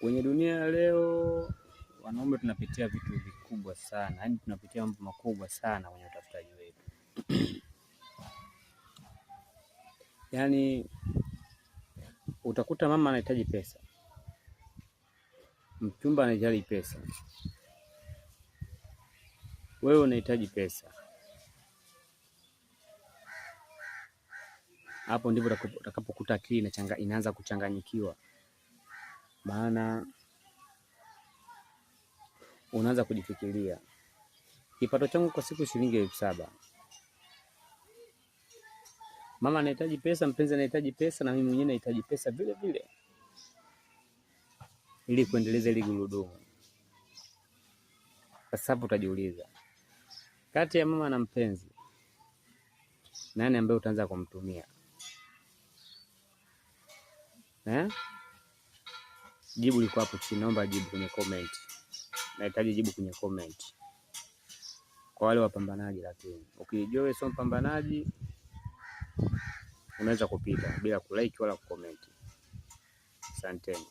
Kwenye dunia ya leo wanaume tunapitia vitu vikubwa sana, yaani tunapitia mambo makubwa sana kwenye utafutaji wetu yaani utakuta mama anahitaji pesa, mchumba anahitaji pesa, wewe unahitaji pesa. Hapo ndipo utakapokuta akili inaanza kuchanganyikiwa maana unaanza kujifikiria, kipato changu kwa siku shilingi elfu saba. Mama anahitaji pesa, mpenzi anahitaji pesa, na mimi mwenyewe nahitaji pesa vile vile, ili kuendeleza ili gurudumu. Sasa hapo utajiuliza, kati ya mama na mpenzi, nani ambaye utaanza kumtumia eh? Jibu liko hapo chini, naomba jibu kwenye comment. Nahitaji jibu kwenye comment kwa wale wapambanaji, lakini ukijua wewe sio mpambanaji unaweza kupita bila kulike wala kucomment. Asanteni.